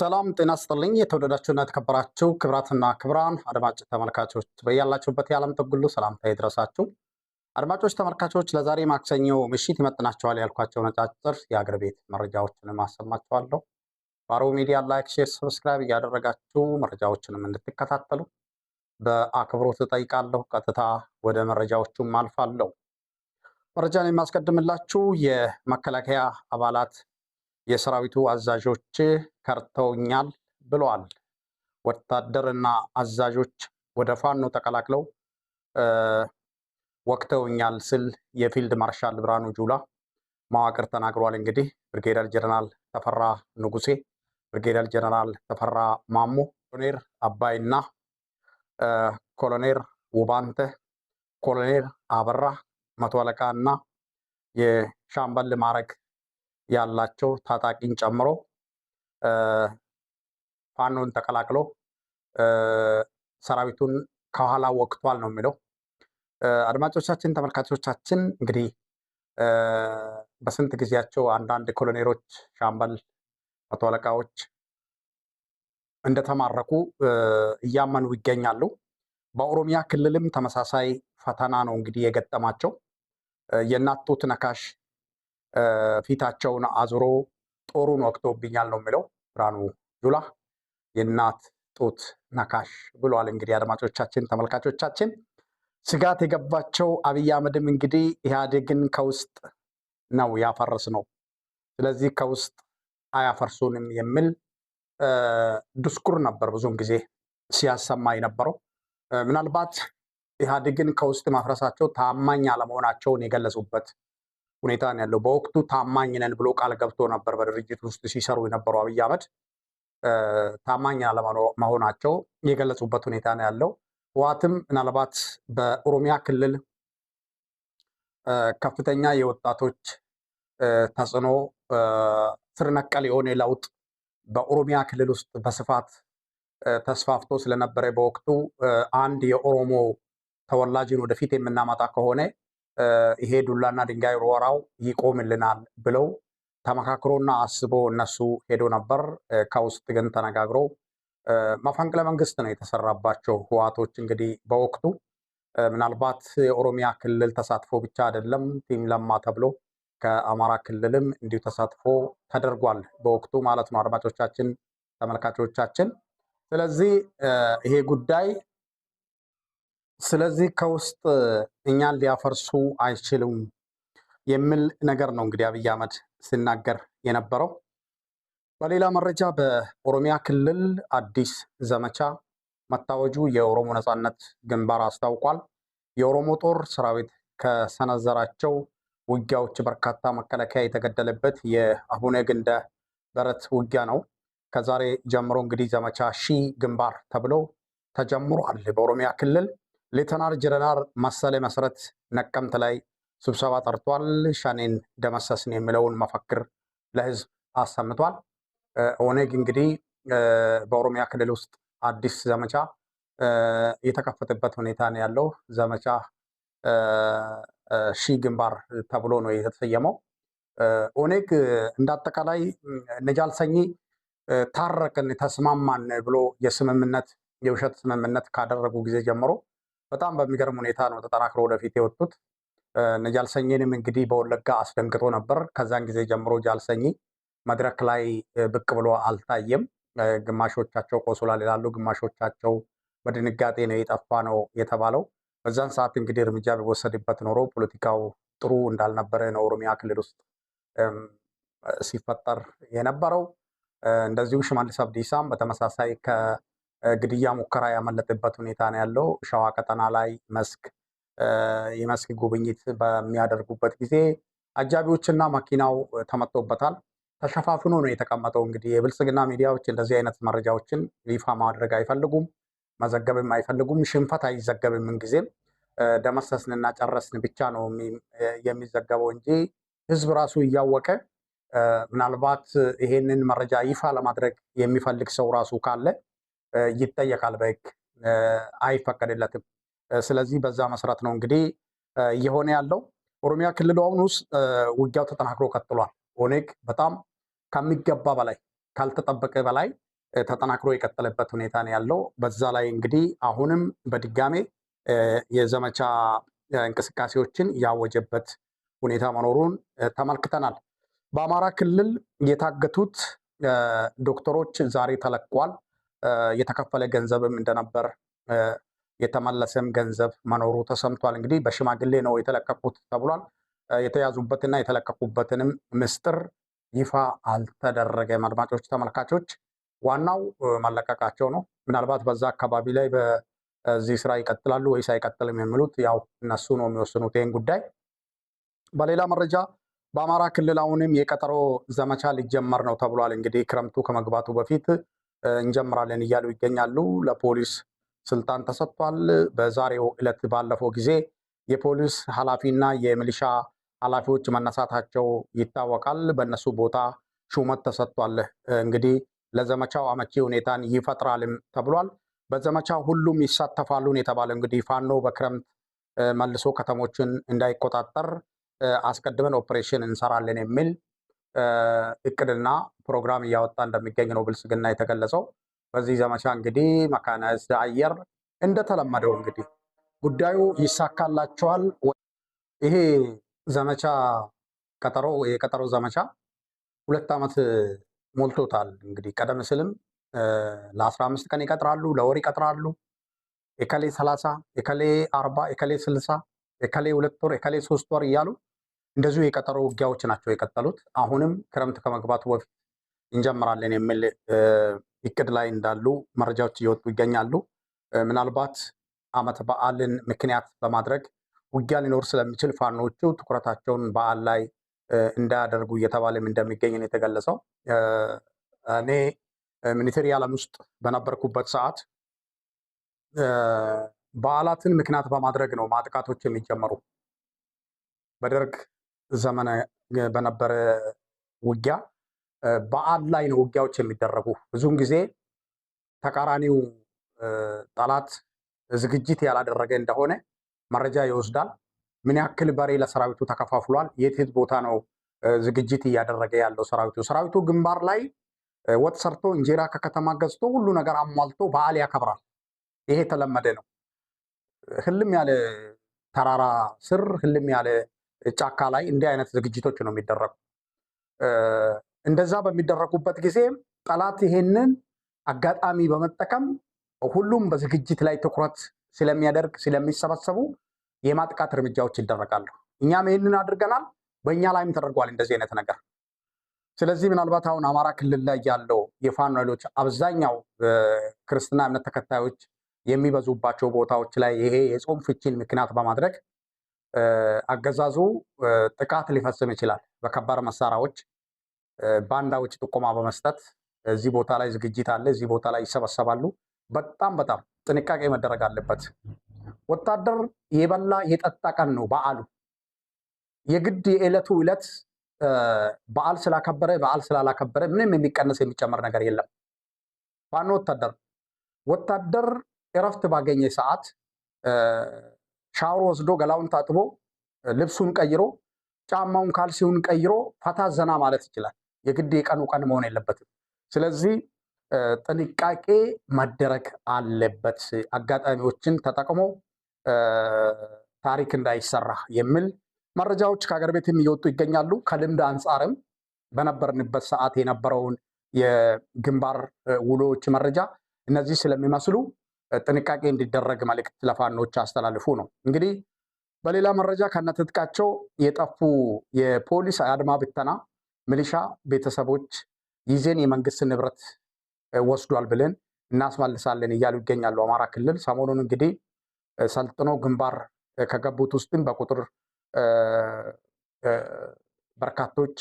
ሰላም ጤና ስጥልኝ። የተወደዳችሁና የተከበራችሁ ክብራትና ክብራን አድማጭ ተመልካቾች በያላችሁበት የዓለም ጥግ ሰላምታ ይድረሳችሁ። አድማጮች ተመልካቾች፣ ለዛሬ ማክሰኞ ምሽት ይመጥናቸዋል ያልኳቸው ነጫጭር የአገር ቤት መረጃዎችንም አሰማችኋለሁ። ባሮ ሚዲያ ላይክ፣ ሼር፣ ሰብስክራይብ እያደረጋችሁ መረጃዎችንም እንድትከታተሉ በአክብሮት እጠይቃለሁ። ቀጥታ ወደ መረጃዎቹም አልፋለሁ። መረጃን የማስቀድምላችሁ የመከላከያ አባላት የሰራዊቱ አዛዦች ከርተውኛል ብለዋል። ወታደርና አዛዦች ወደ ፋኖ ተቀላቅለው ወቅተውኛል ስል የፊልድ ማርሻል ብርሃኑ ጁላ መዋቅር ተናግሯል። እንግዲህ ብርጌደር ጀነራል ተፈራ ንጉሴ፣ ብርጌደር ጀነራል ተፈራ ማሞ፣ ኮሎኔል አባይና ኮሎኔል ውባንተ፣ ኮሎኔል አበራ መቶ አለቃ እና የሻምበል ማዕረግ ያላቸው ታጣቂን ጨምሮ ፋኖን ተቀላቅሎ ሰራዊቱን ከኋላ ወቅቷል ነው የሚለው። አድማጮቻችን፣ ተመልካቾቻችን እንግዲህ በስንት ጊዜያቸው አንዳንድ ኮሎኔሎች፣ ሻምበል፣ መቶ አለቃዎች እንደተማረኩ እያመኑ ይገኛሉ። በኦሮሚያ ክልልም ተመሳሳይ ፈተና ነው እንግዲህ የገጠማቸው። የእናት ነካሽ ፊታቸውን አዙሮ ጦሩን ወቅቶብኛል ነው የሚለው። ብርሃኑ ጁላ የእናት ጡት ነካሽ ብሏል። እንግዲህ አድማጮቻችን፣ ተመልካቾቻችን ስጋት የገባቸው አብይ አህመድም እንግዲህ ኢህአዴግን ከውስጥ ነው ያፈረስ ነው፣ ስለዚህ ከውስጥ አያፈርሱንም የሚል ድስኩር ነበር ብዙን ጊዜ ሲያሰማ የነበረው። ምናልባት ኢህአዴግን ከውስጥ ማፍረሳቸው ታማኝ አለመሆናቸውን የገለጹበት ሁኔታ ነው ያለው። በወቅቱ ታማኝ ነን ብሎ ቃል ገብቶ ነበር። በድርጅት ውስጥ ሲሰሩ የነበሩ አብይ አህመድ ታማኝ አለመሆናቸው የገለጹበት ሁኔታ ነው ያለው። ህወሓትም ምናልባት በኦሮሚያ ክልል ከፍተኛ የወጣቶች ተጽዕኖ ስር ነቀል የሆነ ለውጥ በኦሮሚያ ክልል ውስጥ በስፋት ተስፋፍቶ ስለነበረ በወቅቱ አንድ የኦሮሞ ተወላጅን ወደፊት የምናመጣ ከሆነ ይሄ ዱላና ድንጋይ ሮራው ይቆምልናል ብለው ተመካክሮና አስቦ እነሱ ሄዶ ነበር። ከውስጥ ግን ተነጋግሮ መፈንቅለ መንግስት ነው የተሰራባቸው ህዋቶች። እንግዲህ በወቅቱ ምናልባት የኦሮሚያ ክልል ተሳትፎ ብቻ አይደለም፣ ቲም ለማ ተብሎ ከአማራ ክልልም እንዲሁ ተሳትፎ ተደርጓል በወቅቱ ማለት ነው። አድማጮቻችን፣ ተመልካቾቻችን ስለዚህ ይሄ ጉዳይ ስለዚህ ከውስጥ እኛን ሊያፈርሱ አይችሉም የሚል ነገር ነው እንግዲህ አብይ አህመድ ሲናገር የነበረው። በሌላ መረጃ በኦሮሚያ ክልል አዲስ ዘመቻ መታወጁ የኦሮሞ ነጻነት ግንባር አስታውቋል። የኦሮሞ ጦር ሰራዊት ከሰነዘራቸው ውጊያዎች በርካታ መከላከያ የተገደለበት የአቡነ ግንደ በረት ውጊያ ነው። ከዛሬ ጀምሮ እንግዲህ ዘመቻ ሺ ግንባር ተብሎ ተጀምሯል በኦሮሚያ ክልል ሌተናር ጀነራል መሰለ መሰረት ነቀምት ላይ ስብሰባ ጠርቷል። ሸኔን ደመሰስን የሚለውን መፈክር ለህዝብ አሰምቷል። ኦኔግ እንግዲህ በኦሮሚያ ክልል ውስጥ አዲስ ዘመቻ የተከፈተበት ሁኔታ ነው ያለው። ዘመቻ ሺ ግንባር ተብሎ ነው የተሰየመው። ኦኔግ እንደ አጠቃላይ ነጃል ሰኚ ታረቅን ተስማማን ብሎ የስምምነት የውሸት ስምምነት ካደረጉ ጊዜ ጀምሮ በጣም በሚገርም ሁኔታ ነው ተጠናክሮ ወደፊት የወጡት። ጃልሰኝንም እንግዲህ በወለጋ አስደንግጦ ነበር። ከዛን ጊዜ ጀምሮ ጃልሰኝ መድረክ ላይ ብቅ ብሎ አልታየም። ግማሾቻቸው ቆስሏል ይላሉ፣ ግማሾቻቸው በድንጋጤ ነው የጠፋ ነው የተባለው። በዛን ሰዓት እንግዲህ እርምጃ ቢወሰድበት ኖሮ ፖለቲካው ጥሩ እንዳልነበረ ነው ኦሮሚያ ክልል ውስጥ ሲፈጠር የነበረው። እንደዚሁ ሽመልስ አብዲሳም በተመሳሳይ ግድያ ሙከራ ያመለጠበት ሁኔታ ነው ያለው። ሸዋ ቀጠና ላይ መስክ የመስክ ጉብኝት በሚያደርጉበት ጊዜ አጃቢዎችና መኪናው ተመቶበታል። ተሸፋፍኖ ነው የተቀመጠው። እንግዲህ የብልጽግና ሚዲያዎች እንደዚህ አይነት መረጃዎችን ይፋ ማድረግ አይፈልጉም፣ መዘገብም አይፈልጉም። ሽንፈት አይዘገብም። ምንጊዜም ደመሰስንና ጨረስን ብቻ ነው የሚዘገበው እንጂ ህዝብ ራሱ እያወቀ ምናልባት ይሄንን መረጃ ይፋ ለማድረግ የሚፈልግ ሰው ራሱ ካለ ይጠየቃል በህግ አይፈቀድለትም። ስለዚህ በዛ መሰረት ነው እንግዲህ እየሆነ ያለው። ኦሮሚያ ክልል አሁን ውስጥ ውጊያው ተጠናክሮ ቀጥሏል። ኦኔግ በጣም ከሚገባ በላይ ካልተጠበቀ በላይ ተጠናክሮ የቀጠለበት ሁኔታ ነው ያለው። በዛ ላይ እንግዲህ አሁንም በድጋሜ የዘመቻ እንቅስቃሴዎችን ያወጀበት ሁኔታ መኖሩን ተመልክተናል። በአማራ ክልል የታገቱት ዶክተሮች ዛሬ ተለቋል። የተከፈለ ገንዘብም እንደነበር የተመለሰም ገንዘብ መኖሩ ተሰምቷል። እንግዲህ በሽማግሌ ነው የተለቀቁት ተብሏል። የተያዙበትና የተለቀቁበትንም ምስጢር ይፋ አልተደረገም። አድማጮች፣ ተመልካቾች ዋናው መለቀቃቸው ነው። ምናልባት በዛ አካባቢ ላይ በዚህ ስራ ይቀጥላሉ ወይስ አይቀጥልም የሚሉት ያው እነሱ ነው የሚወስኑት ይህን ጉዳይ። በሌላ መረጃ በአማራ ክልል አሁንም የቀጠሮ ዘመቻ ሊጀመር ነው ተብሏል። እንግዲህ ክረምቱ ከመግባቱ በፊት እንጀምራለን እያሉ ይገኛሉ። ለፖሊስ ስልጣን ተሰጥቷል። በዛሬው ዕለት ባለፈው ጊዜ የፖሊስ ኃላፊና የሚሊሻ ኃላፊዎች መነሳታቸው ይታወቃል። በእነሱ ቦታ ሹመት ተሰጥቷል። እንግዲህ ለዘመቻው አመቺ ሁኔታን ይፈጥራልም ተብሏል። በዘመቻ ሁሉም ይሳተፋሉን የተባለ እንግዲህ ፋኖ በክረምት መልሶ ከተሞችን እንዳይቆጣጠር አስቀድመን ኦፕሬሽን እንሰራለን የሚል እቅድና ፕሮግራም እያወጣ እንደሚገኝ ነው ብልጽግና የተገለጸው። በዚህ ዘመቻ እንግዲህ መካናይዝድ አየር እንደተለመደው እንግዲህ ጉዳዩ ይሳካላቸዋል። ይሄ ዘመቻ ቀጠሮ የቀጠሮ ዘመቻ ሁለት ዓመት ሞልቶታል። እንግዲህ ቀደም ሲልም ለአስራ አምስት ቀን ይቀጥራሉ፣ ለወር ይቀጥራሉ። የከሌ ሰላሳ የከሌ አርባ የከሌ ስልሳ የከሌ ሁለት ወር የከሌ ሶስት ወር እያሉ እንደዚሁ የቀጠሮ ውጊያዎች ናቸው የቀጠሉት። አሁንም ክረምት ከመግባቱ በፊት እንጀምራለን የሚል እቅድ ላይ እንዳሉ መረጃዎች እየወጡ ይገኛሉ። ምናልባት ዓመት በዓልን ምክንያት በማድረግ ውጊያ ሊኖር ስለሚችል ፋኖቹ ትኩረታቸውን በዓል ላይ እንዳያደርጉ እየተባለም እንደሚገኝ ነው የተገለጸው። እኔ ሚኒቴሪ ዓለም ውስጥ በነበርኩበት ሰዓት በዓላትን ምክንያት በማድረግ ነው ማጥቃቶች የሚጀመሩ። በደርግ ዘመነ በነበረ ውጊያ በዓል ላይ ነው ውጊያዎች የሚደረጉ። ብዙውን ጊዜ ተቃራኒው ጠላት ዝግጅት ያላደረገ እንደሆነ መረጃ ይወስዳል። ምን ያክል በሬ ለሰራዊቱ ተከፋፍሏል? የት የት ቦታ ነው ዝግጅት እያደረገ ያለው ሰራዊቱ? ሰራዊቱ ግንባር ላይ ወጥ ሰርቶ እንጀራ ከከተማ ገዝቶ ሁሉ ነገር አሟልቶ በዓል ያከብራል። ይሄ የተለመደ ነው። ህልም ያለ ተራራ ስር ህልም ያለ ጫካ ላይ እንዲህ አይነት ዝግጅቶች ነው የሚደረጉ። እንደዛ በሚደረጉበት ጊዜ ጠላት ይሄንን አጋጣሚ በመጠቀም ሁሉም በዝግጅት ላይ ትኩረት ስለሚያደርግ ስለሚሰበሰቡ የማጥቃት እርምጃዎች ይደረጋሉ። እኛም ይህንን አድርገናል። በእኛ ላይም ተደርጓል እንደዚህ አይነት ነገር። ስለዚህ ምናልባት አሁን አማራ ክልል ላይ ያለው የፋኖ ኃይሎች አብዛኛው ክርስትና እምነት ተከታዮች የሚበዙባቸው ቦታዎች ላይ ይሄ የጾም ፍቺን ምክንያት በማድረግ አገዛዙ ጥቃት ሊፈጽም ይችላል። በከባድ መሳሪያዎች ባንዳዎች ጥቆማ በመስጠት እዚህ ቦታ ላይ ዝግጅት አለ፣ እዚህ ቦታ ላይ ይሰበሰባሉ። በጣም በጣም ጥንቃቄ መደረግ አለበት። ወታደር የበላ የጠጣ ቀን ነው በዓሉ። የግድ የዕለቱ ዕለት በዓል ስላከበረ በዓል ስላላከበረ ምንም የሚቀነስ የሚጨመር ነገር የለም። ፋኖ ወታደር ወታደር እረፍት ባገኘ ሰዓት ሻወር ወስዶ ገላውን ታጥቦ ልብሱን ቀይሮ ጫማውን ካልሲውን ቀይሮ ፈታ ዘና ማለት ይችላል። የግድ የቀኑ ቀን መሆን የለበትም። ስለዚህ ጥንቃቄ መደረግ አለበት። አጋጣሚዎችን ተጠቅሞ ታሪክ እንዳይሰራ የሚል መረጃዎች ከሀገር ቤትም እየወጡ ይገኛሉ። ከልምድ አንጻርም በነበርንበት ሰዓት የነበረውን የግንባር ውሎዎች መረጃ እነዚህ ስለሚመስሉ ጥንቃቄ እንዲደረግ መልእክት ለፋኖች አስተላልፉ ነው። እንግዲህ በሌላ መረጃ ከነትጥቃቸው የጠፉ የፖሊስ አድማ ብተና ሚሊሻ ቤተሰቦች ይዜን የመንግስት ንብረት ወስዷል ብለን እናስመልሳለን እያሉ ይገኛሉ። አማራ ክልል ሰሞኑን እንግዲህ ሰልጥኖ ግንባር ከገቡት ውስጥም በቁጥር በርካቶች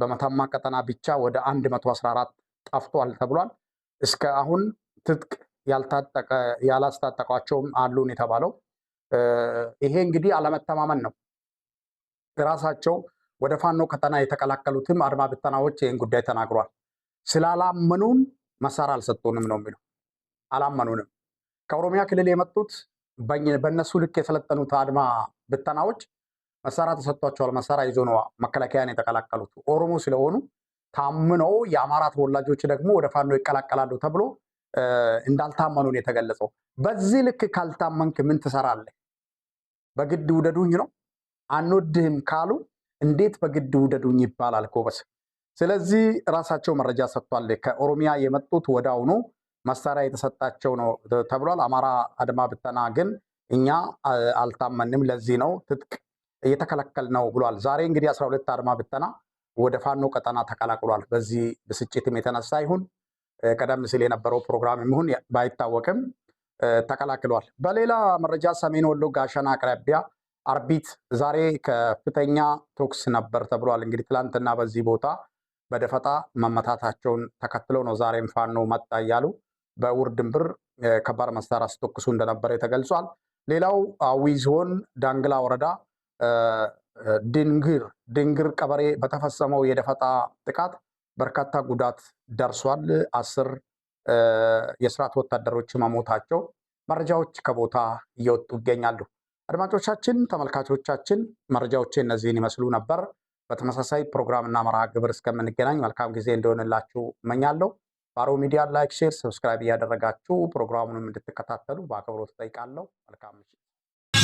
በመተማ ቀጠና ብቻ ወደ 114 ጠፍቷል ተብሏል። እስከ አሁን ትጥቅ ያላስታጠቋቸውም አሉን የተባለው ይሄ እንግዲህ አለመተማመን ነው። ራሳቸው ወደ ፋኖ ከተና የተቀላቀሉትም አድማ ብተናዎች ይህን ጉዳይ ተናግሯል። ስላላመኑን መሳሪያ አልሰጡንም ነው የሚለው። አላመኑንም። ከኦሮሚያ ክልል የመጡት በእነሱ ልክ የሰለጠኑት አድማ ብተናዎች መሳሪያ ተሰጥቷቸዋል። መሳሪያ ይዞ ነው መከላከያን የተቀላቀሉት። ኦሮሞ ስለሆኑ ታምነው የአማራ ተወላጆች ደግሞ ወደ ፋኖ ይቀላቀላሉ ተብሎ እንዳልታመኑ ነው የተገለጸው። በዚህ ልክ ካልታመንክ ምን ትሰራለህ? በግድ ውደዱኝ ነው። አንወድህም ካሉ እንዴት በግድ ውደዱኝ ይባላል ጎበስ። ስለዚህ ራሳቸው መረጃ ሰጥቷል። ከኦሮሚያ የመጡት ወዳውኑ መሳሪያ የተሰጣቸው ነው ተብሏል። አማራ አድማ ብተና ግን እኛ አልታመንም፣ ለዚህ ነው ትጥቅ እየተከለከል ነው ብሏል። ዛሬ እንግዲህ አስራ ሁለት አድማ ብተና ወደ ፋኖ ቀጠና ተቀላቅሏል። በዚህ ብስጭትም የተነሳ ይሁን ቀደም ሲል የነበረው ፕሮግራም ይሁን ባይታወቅም ተቀላቅሏል። በሌላ መረጃ ሰሜን ወሎ ጋሸና አቅራቢያ አርቢት ዛሬ ከፍተኛ ተኩስ ነበር ተብሏል። እንግዲህ ትላንትና በዚህ ቦታ በደፈጣ መመታታቸውን ተከትለው ነው ዛሬም ፋኖ መጣ እያሉ በውር ድንብር ከባድ መሳሪያ አስተኩሱ እንደነበረ ተገልጿል። ሌላው አዊ ዞን ዳንግላ ወረዳ ድንግር ድንግር ቀበሬ በተፈጸመው የደፈጣ ጥቃት በርካታ ጉዳት ደርሷል። አስር የስርዓት ወታደሮች መሞታቸው መረጃዎች ከቦታ እየወጡ ይገኛሉ። አድማጮቻችን፣ ተመልካቾቻችን መረጃዎች እነዚህን ይመስሉ ነበር። በተመሳሳይ ፕሮግራምና መርሃ ግብር እስከምንገናኝ መልካም ጊዜ እንደሆንላችሁ እመኛለሁ። ባሮ ሚዲያ ላይክ፣ ሼር፣ ሰብስክራይብ እያደረጋችሁ ፕሮግራሙንም እንድትከታተሉ በአክብሮት ጠይቃለሁ። መልካም ምሽት።